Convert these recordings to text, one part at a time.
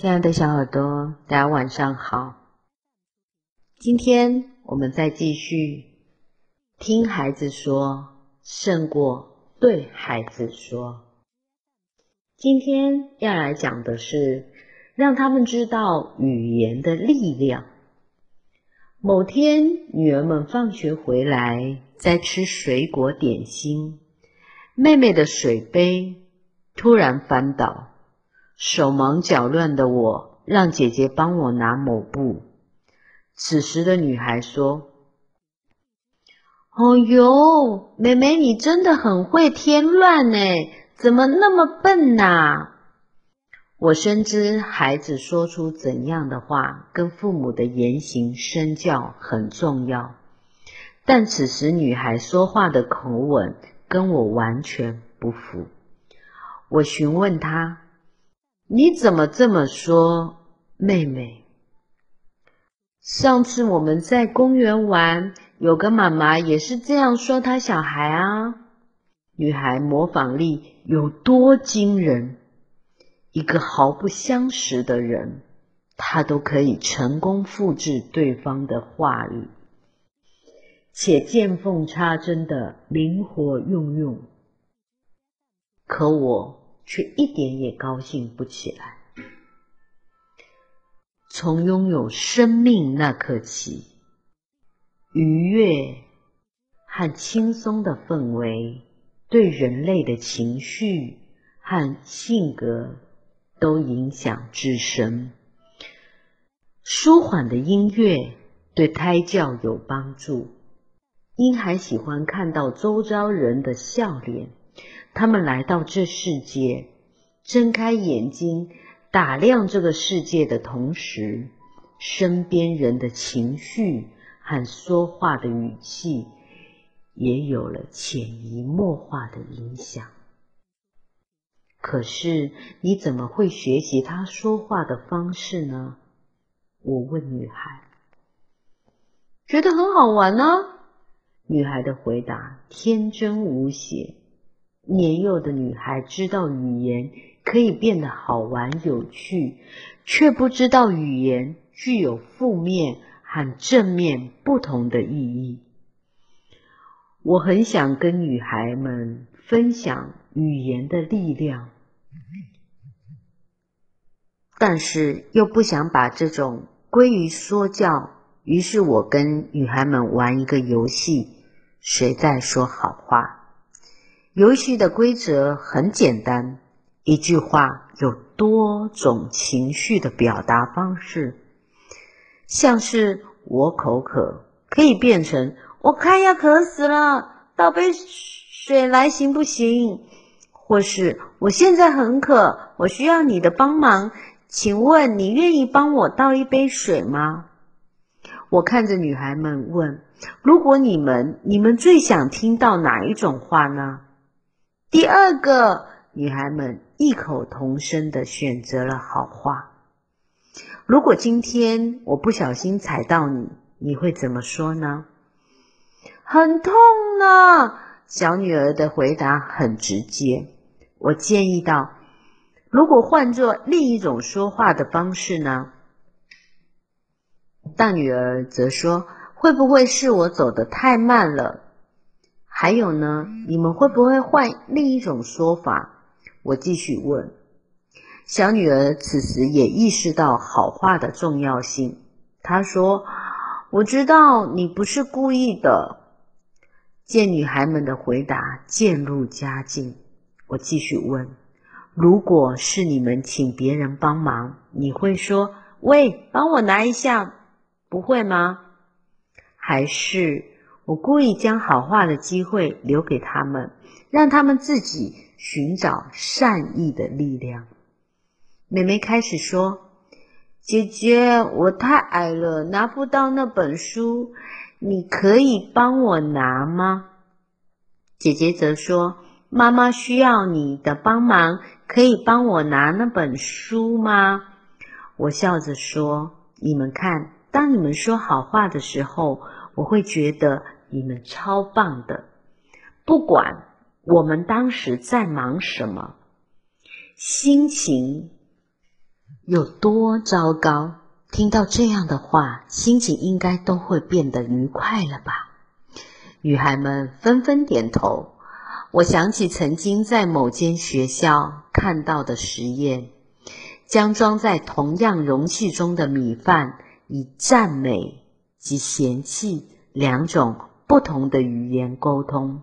親愛的小耳朵，大家晚上好。今天我們再繼續聽孩子說，勝過對孩子說。今天要來講的是，讓他們知道語言的力量。某天，女兒們放學回來，在吃水果點心，妹妹的水杯突然翻倒。手忙腳亂的我讓姐姐幫我拿抹布，此時的女孩說：“哦喲，妹妹你真的很會添亂呢，怎麼那麼笨吶啊？”我深知孩子說出怎樣的話，跟父母的言行身教很重要，但此時女孩說話的口吻跟我完全不符，我詢問她。你怎麼這麼說，妹妹？上次我們在公園玩，有個媽媽也是這樣說她小孩啊。女孩模仿力有多驚人？一個毫不相識的人，她都可以成功複製對方的話語，且見縫插針的靈活運用。可我，卻一點也高興不起來。從擁有生命那刻起，愉悅和輕鬆的氛圍對人類的情緒和性格都影響至深。舒緩的音樂對胎教有幫助，嬰孩喜歡看到周遭人的笑臉。他們來到這世界，睜開眼睛打量這個世界的同時，身邊人的情緒和說話的語氣也有了潛移默化的影響。可是你怎麼會學習他說話的方式呢？我問女孩。覺得很好玩呢、啊。女孩的回答天真無邪。年幼的女孩知道語言可以變得好玩有趣，卻不知道語言具有負面和正面不同的意義。我很想跟女孩們分享語言的力量，但是又不想把這種歸於說教，於是我跟女孩們玩一個遊戲：誰在說好話？遊戲的規則很簡單，一句話有多種情緒的表達方式，像是我口渴，可以變成我快要渴死了，倒杯水來行不行？或是我現在很渴，我需要你的幫忙，請問你願意幫我倒一杯水嗎？我看着女孩們問：“如果你們，你們最想聽到哪一種話呢？”第二個女孩們異口同聲地選擇了好話。如果今天我不小心踩到你，你會怎麼說呢？很痛啊。小女兒的回答很直接。我建議道，如果換作另一種說話的方式呢？大女兒則說，會不會是我走得太慢了？還有呢？你們會不會換另一種說法？我繼續問。小女兒此時也意識到好話的重要性。她說：“我知道你不是故意的。”見女孩們的回答漸入佳境，我繼續問：“如果是你們請別人幫忙，你會說‘喂，幫我拿一下’，不會嗎？還是……”我故意將好話的機會留給他們，讓他們自己尋找善意的力量。妹妹開始說：“姐姐，我太矮了，拿不到那本書，你可以幫我拿嗎？”姐姐則說：“媽媽需要你的幫忙，可以幫我拿那本書嗎？”我笑着說：“你們看，當你們說好話的時候，我會覺得。”你們超棒的！不管我們當時在忙什麼，心情有多糟糕，聽到這樣的話，心情應該都會變得愉快了吧？女孩們紛紛點頭。我想起曾經在某間學校看到的實驗：將裝在同樣容器中的米飯，以讚美及嫌棄兩種。不同的語言溝通，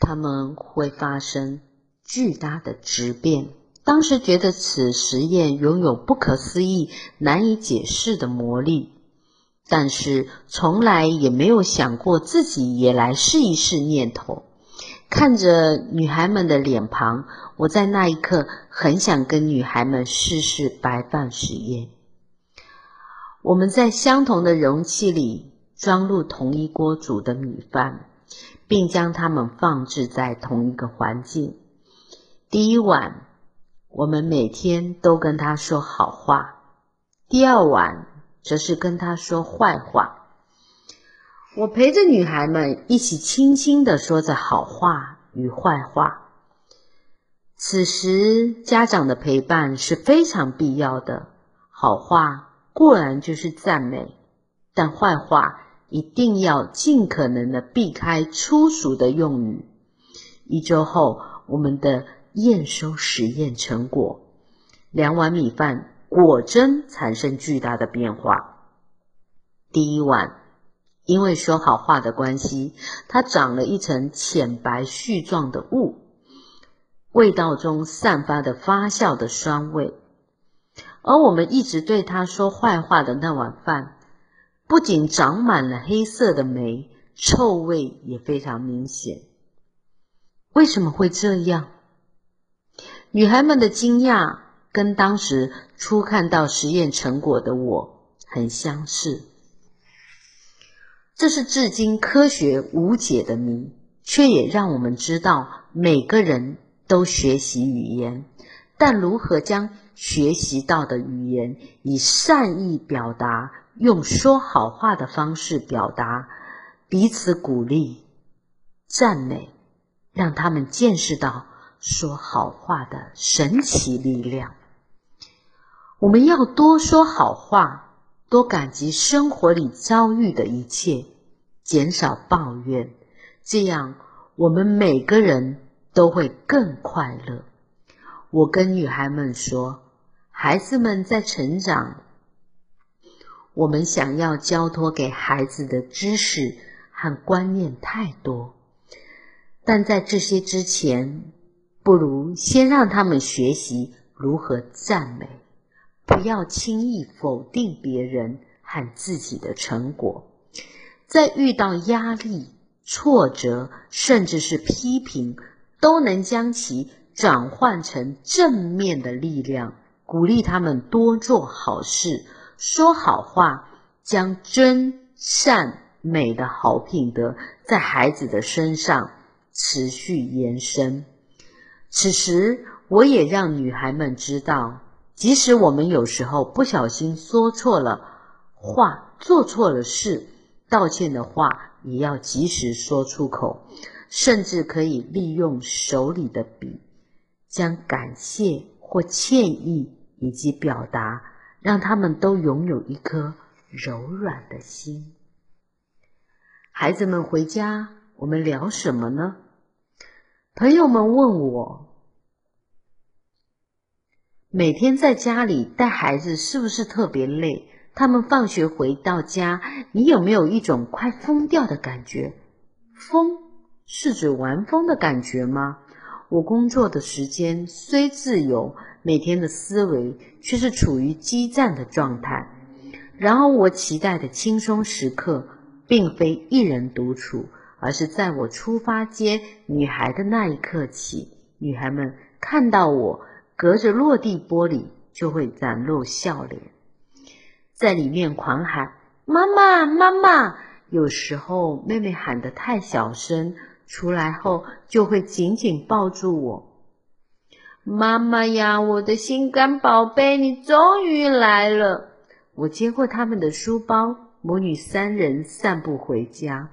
他們會發生巨大的質變。當時覺得此實驗擁有不可思議、難以解釋的魔力，但是從來也沒有想過自己也來試一試念頭。看着女孩們的臉龐，我在那一刻很想跟女孩們試試白飯實驗。我們在相同的容器裡。裝入同一鍋煮的米飯，並將它們放置在同一個環境。第一碗，我們每天都跟它說好話；第二碗，則是跟它說壞話。我陪着女孩們一起輕輕地說着好話與壞話。此時，家長的陪伴是非常必要的。好話固然就是讚美，但壞話。一定要盡可能的避開粗俗的用語。一周後，我們的驗收實驗成果，兩碗米飯果真產生巨大的變化。第一碗，因為說好話的關係，它長了一層淺白絮狀的霧，味道中散發的發酵的酸味。而我們一直對它說壞話的那碗飯。不僅長滿了黑色的黴，臭味也非常明顯。為什麼會這樣？女孩們的驚訝跟當時初看到實驗成果的我很相似。這是至今科學無解的謎，卻也讓我們知道，每個人都學習語言，但如何將學習到的語言以善意表達？用說好話的方式表達彼此鼓勵、讚美，讓他們見識到說好話的神奇力量。我們要多說好話，多感激生活裡遭遇的一切，減少抱怨，這樣我們每個人都會更快樂。我跟女孩們說，孩子們在成長。我們想要交托給孩子的知識和觀念太多，但在這些之前，不如先讓他們學習如何讚美，不要輕易否定別人和自己的成果，在遇到壓力、挫折，甚至是批評，都能將其轉換成正面的力量，鼓勵他們多做好事。說好話，將真善美的好品德在孩子的身上持續延伸。此時，我也讓女孩們知道，即使我們有時候不小心說錯了話、做錯了事，道歉的話也要及時說出口，甚至可以利用手裡的筆，將感謝或歉意以及表達。讓他們都擁有一顆柔軟的心。孩子們回家，我們聊什麼呢？朋友們問我，每天在家裡帶孩子是不是特別累？他們放學回到家，你有沒有一種快瘋掉的感覺？瘋是指玩瘋的感覺嗎？我工作的時間雖自由，每天的思維卻是處於激戰的狀態。然而，我期待的輕鬆時刻，並非一人獨處，而是在我出發接女孩的那一刻起，女孩們看到我隔着落地玻璃，就會展露笑臉，在裡面狂喊“媽媽，媽媽”。有時候，妹妹喊得太小聲。出來後就會緊緊抱住我，媽媽呀，我的心肝寶貝，你終於來了！我接過他們的書包，母女三人散步回家。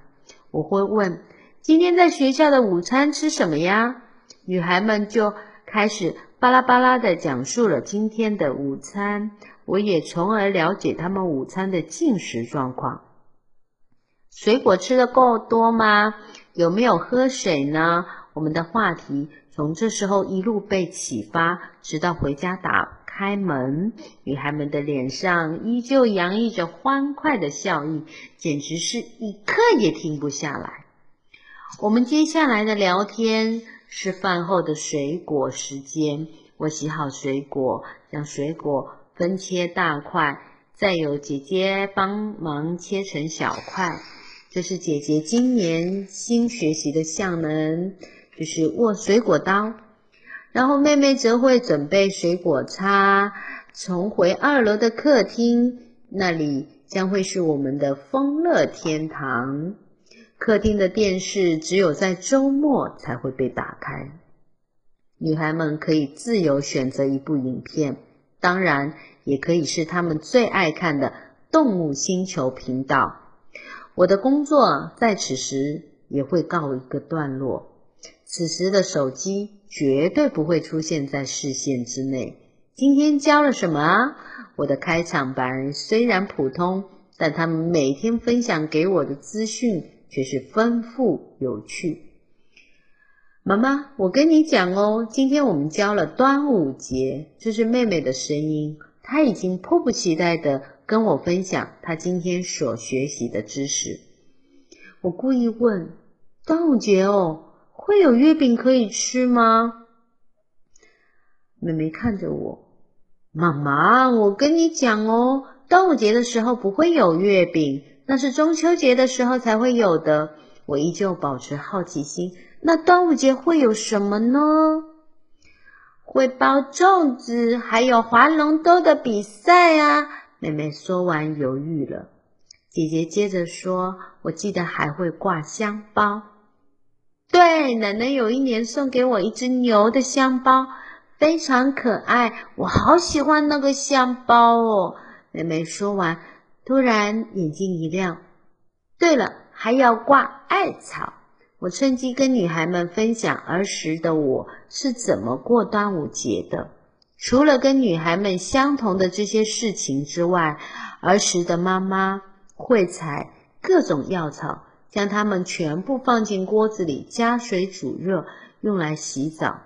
我會問：“今天在學校的午餐吃什麼呀？”女孩們就開始巴拉巴拉地講述了今天的午餐，我也從而了解他們午餐的進食狀況。水果吃得夠多嗎？有沒有喝水呢？我們的話題從這時候一路被啟發，直到回家打開門，女孩們的臉上依舊洋溢着歡快的笑意，簡直是一刻也停不下來。我們接下來的聊天是飯後的水果時間。我洗好水果，將水果分切大塊，再由姐姐幫忙切成小塊。這是姐姐今年新學習的技能，就是握水果刀。然後妹妹則會準備水果叉。重回二樓的客廳，那裡將會是我們的豐樂天堂。客廳的電視只有在週末才會被打開。女孩們可以自由選擇一部影片，當然也可以是她們最愛看的動物星球頻道。我的工作在此時也會告一個段落，此時的手機絕對不會出現在視線之內。今天教了什麼？我的開場白雖然普通，但他們每天分享給我的資訊卻是豐富有趣。媽媽，我跟你講哦，今天我們教了端午節。這是妹妹的聲音，她已經迫不及待的。跟我分享他今天所學習的知識。我故意問：“端午節哦，會有月餅可以吃嗎？”妹妹看着我：“媽媽，我跟你講哦，端午節的時候不會有月餅，那是中秋節的時候才會有的。”我依舊保持好奇心：“那端午節會有什麼呢？會包粽子，還有划龍舟的比賽啊。”妹妹說完，猶豫了。姐姐接着說：“我記得還會掛香包，對，奶奶有一年送給我一隻牛的香包，非常可愛，我好喜歡那個香包哦。”妹妹說完，突然眼睛一亮：“對了，還要掛艾草。”我趁機跟女孩們分享兒時的我是怎麼過端午節的。除了跟女孩們相同的這些事情之外，兒時的媽媽會採各種藥草，將它們全部放進鍋子裡，加水煮熱，用來洗澡。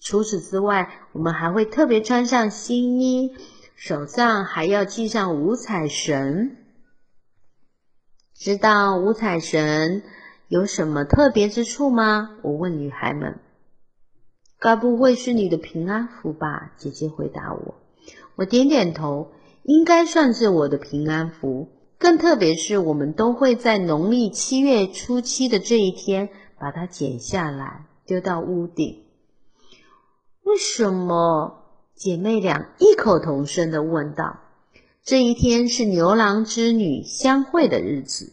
除此之外，我們還會特別穿上新衣，手上還要繫上五彩繩。知道五彩繩有什麼特別之處嗎？我問女孩們。該不會是你的平安符吧？姐姐回答我。我點點頭，應該算是我的平安符。更特別是，我們都會在農曆七月初七的這一天把它剪下來，丟到屋頂。為什麼？姐妹倆異口同聲的問道。這一天是牛郎織女相會的日子，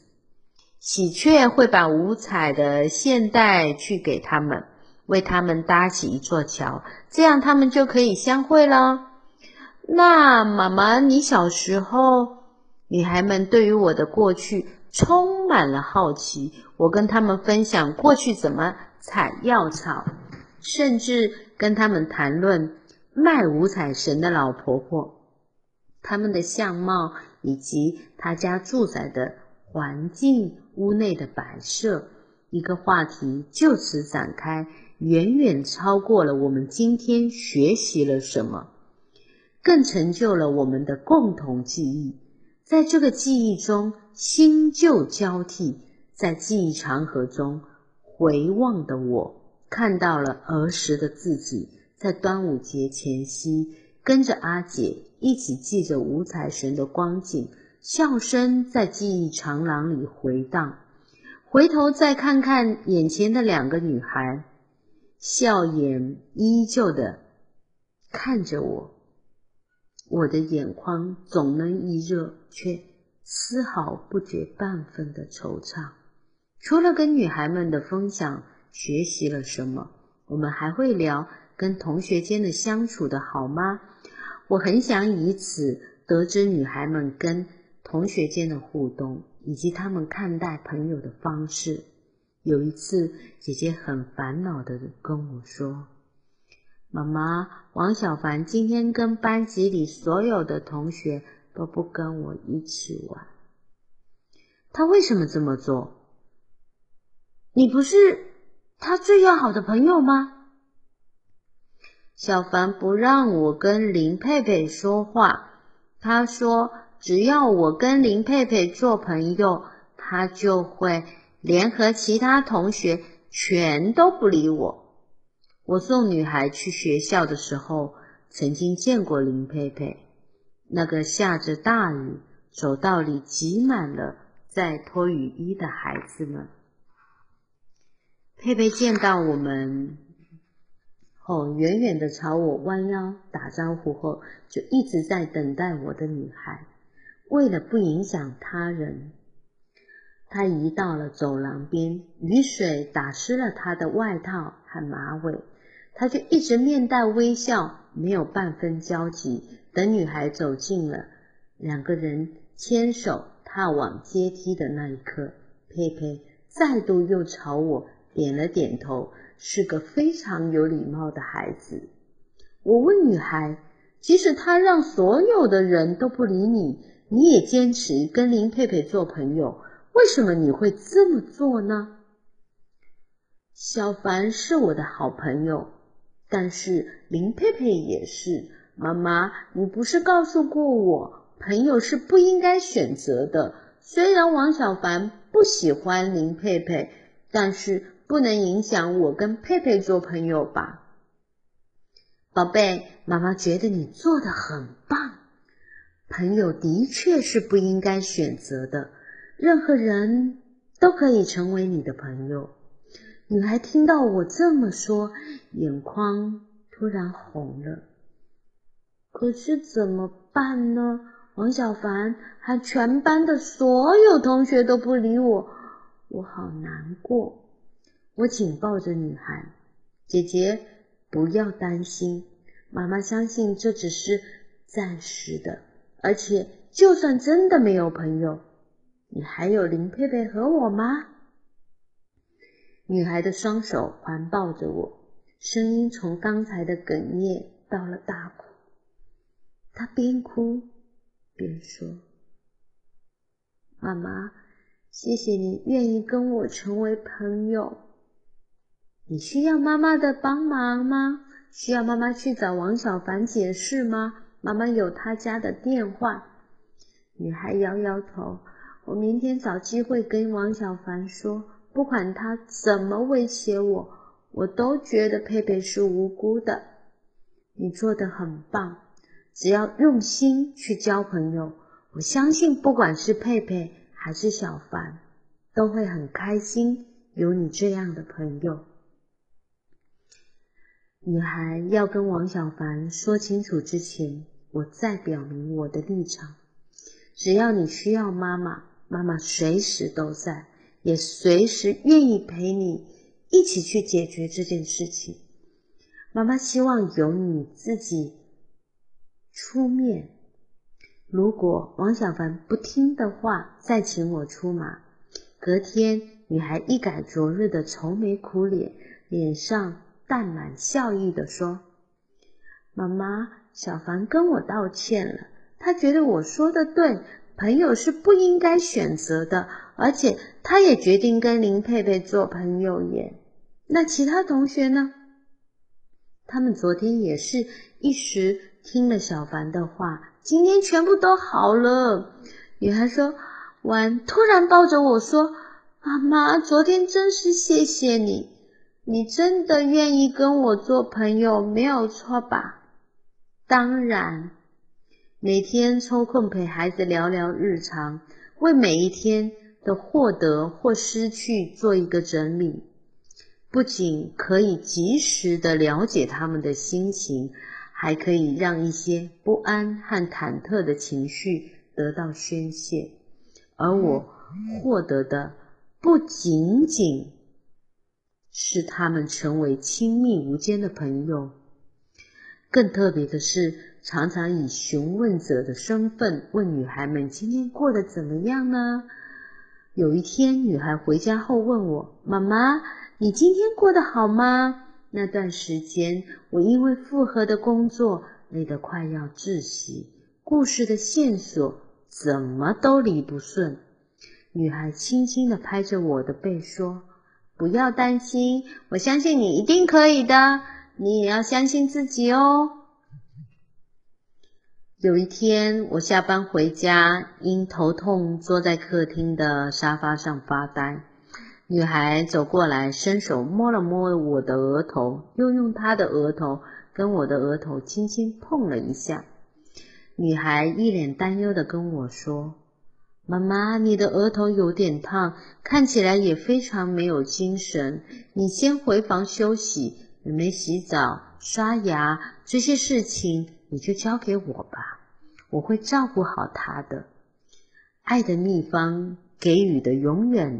喜鵲會把五彩的線帶去給他們，為他們搭起一座橋，這樣他們就可以相會了。那媽媽，你小時候，女孩們對於我的過去充滿了好奇。我跟他們分享過去怎麼採藥草，甚至跟他們談論賣五彩繩的老婆婆，他們的相貌以及她家住宅的環境、屋內的擺設。一個話題就此展開。遠遠超過了我們今天學習了什麼，更成就了我們的共同記憶。在這個記憶中，新舊交替，在記憶長河中回望的我，看到了兒時的自己，在端午節前夕，跟着阿姐一起繫着五彩繩的光景，笑聲在記憶長廊裡回盪。回頭再看看眼前的兩個女孩。笑顏依舊的看着我，我的眼眶總能一熱，卻絲毫不覺半分的惆悵。除了跟女孩們的分享，學習了什麼，我們還會聊跟同學間的相處的好嗎？我很想以此得知女孩們跟同學間的互動，以及她們看待朋友的方式。有一次，姐姐很煩惱地跟我說：“媽媽，王小凡今天跟班級裡所有的同學都不跟我一起玩，他為什麼這麼做？你不是他最要好的朋友嗎？”小凡不讓我跟林佩佩說話，他說：“只要我跟林佩佩做朋友，他就會。”聯合其他同學全都不理我。我送女孩去學校的時候，曾經見過林佩佩。那個下着大雨，走道裡擠滿了在脫雨衣的孩子們。佩佩見到我們後，遠遠地朝我彎腰打招呼後，就一直在等待我的女孩。為了不影響他人。他移到了走廊邊，雨水打濕了他的外套和馬尾。他就一直面帶微笑，沒有半分焦急。等女孩走近了，兩個人牽手踏往階梯的那一刻，佩佩再度又朝我點了點頭，是個非常有禮貌的孩子。我問女孩：“即使他讓所有的人都不理你，你也堅持跟林佩佩做朋友？”為什麼你會這麼做呢？小凡是我的好朋友，但是林佩佩也是。媽媽，你不是告訴過我，朋友是不應該選擇的。雖然王小凡不喜歡林佩佩，但是不能影響我跟佩佩做朋友吧？寶貝，媽媽覺得你做得的很棒。朋友的確是不應該選擇的。任何人都可以成為你的朋友。女孩聽到我這麼說，眼眶突然紅了。可是怎麼辦呢？王小凡和全班的所有同學都不理我，我好難過。我緊抱着女孩，姐姐不要擔心，媽媽相信這只是暫時的，而且就算真的沒有朋友，你還有林佩佩和我嗎？女孩的雙手環抱着我，聲音從剛才的哽咽到了大哭。她邊哭邊說：“媽媽，謝謝你願意跟我成為朋友。你需要媽媽的幫忙嗎？需要媽媽去找王小凡解釋嗎？媽媽有她家的電話。”女孩搖搖頭。我明天找機會跟王小凡說，不管他怎麼威脅我，我都覺得佩佩是無辜的。你做得很棒，只要用心去交朋友，我相信不管是佩佩還是小凡，都會很開心有你這樣的朋友。你還要跟王小凡說清楚之前，我再表明我的立場。只要你需要媽媽。媽媽隨時都在，也隨時願意陪你一起去解決這件事情。媽媽希望由你自己出面。如果王小凡不聽的話，再請我出馬。隔天，女孩一改昨日的愁眉苦臉，臉上蕩滿笑意地說：“媽媽，小凡跟我道歉了，他覺得我說的對。”朋友是不應該選擇的，而且他也決定跟林佩佩做朋友耶。那其他同學呢？他們昨天也是一時聽了小凡的話，今天全部都好了。女孩說完，突然抱着我說：“媽媽，昨天真是謝謝你，你真的願意跟我做朋友，沒有錯吧？”當然。每天抽空陪孩子聊聊日常，為每一天的獲得或失去做一個整理，不僅可以及時的了解他們的心情，還可以讓一些不安和忐忑的情緒得到宣洩。而我獲得的不僅僅是他們成為親密無間的朋友，更特別的是。常常以詢問者的身份問女孩們：“今天過得怎麼樣呢？”有一天，女孩回家後問我：“媽媽，你今天過得好嗎？”那段時間，我因為負荷的工作累得快要窒息，故事的線索怎麼都理不順。女孩輕輕地拍着我的背說：“不要擔心，我相信你一定可以的，你也要相信自己哦。”有一天，我下班回家，因頭痛坐在客廳的沙發上發呆。女孩走過來，伸手摸了摸我的額頭，又用她的額頭跟我的額頭輕輕碰了一下。女孩一臉擔憂地跟我說：“媽媽，你的額頭有點燙，看起來也非常沒有精神。你先回房休息，準備洗澡、刷牙這些事情。”你就交給我吧，我會照顧好他的。愛的秘方給予的永遠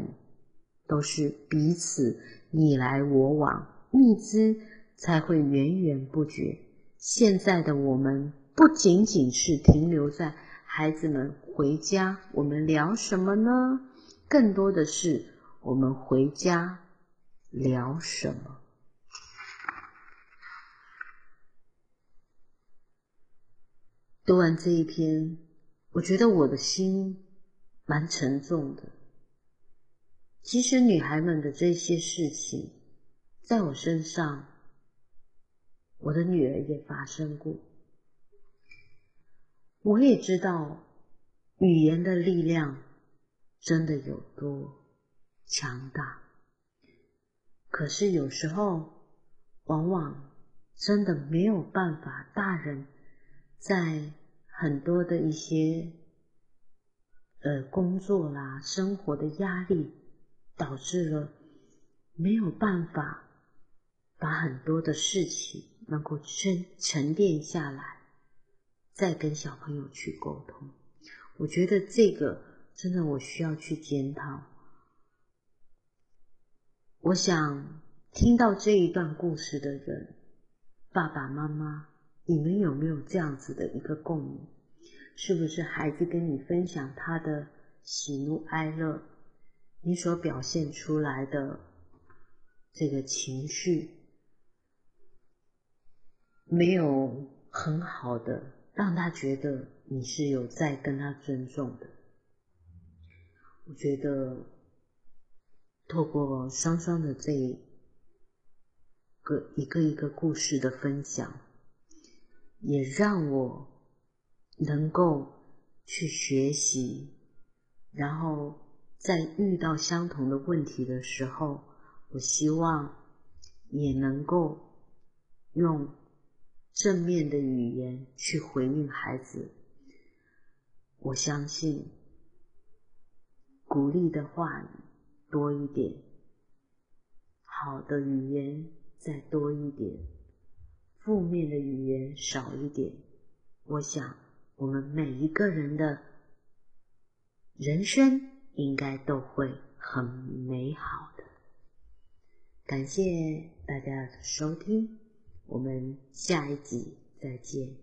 都是彼此，你來我往，蜜汁才會源源不絕。現在的我們不僅僅是停留在孩子們回家，我們聊什麼呢？更多的是我們回家聊什麼。讀完這一篇，我覺得我的心蠻沉重的。其實女孩們的這些事情，在我身上，我的女兒也發生過。我也知道語言的力量真的有多強大，可是有時候，往往真的沒有辦法大人。在很多的一些呃工作啦、生活的壓力，導致了沒有辦法把很多的事情能夠沉沉澱下來，再跟小朋友去溝通。我覺得這個真的我需要去檢討。我想聽到這一段故事的人，爸爸媽媽。你們有沒有這樣子的一個共鳴？是不是孩子跟你分享他的喜怒哀樂，你所表現出來的這個情緒，沒有很好的讓他覺得你是有在跟他尊重的？我覺得，透過雙雙的這一個一個一個故事的分享。也讓我能夠去學習，然後在遇到相同的問題的時候，我希望也能夠用正面的語言去回應孩子。我相信，鼓勵的話語多一點，好的語言再多一點。負面的語言少一點，我想我們每一個人的人生應該都會很美好的。感謝大家的收聽，我們下一集再見。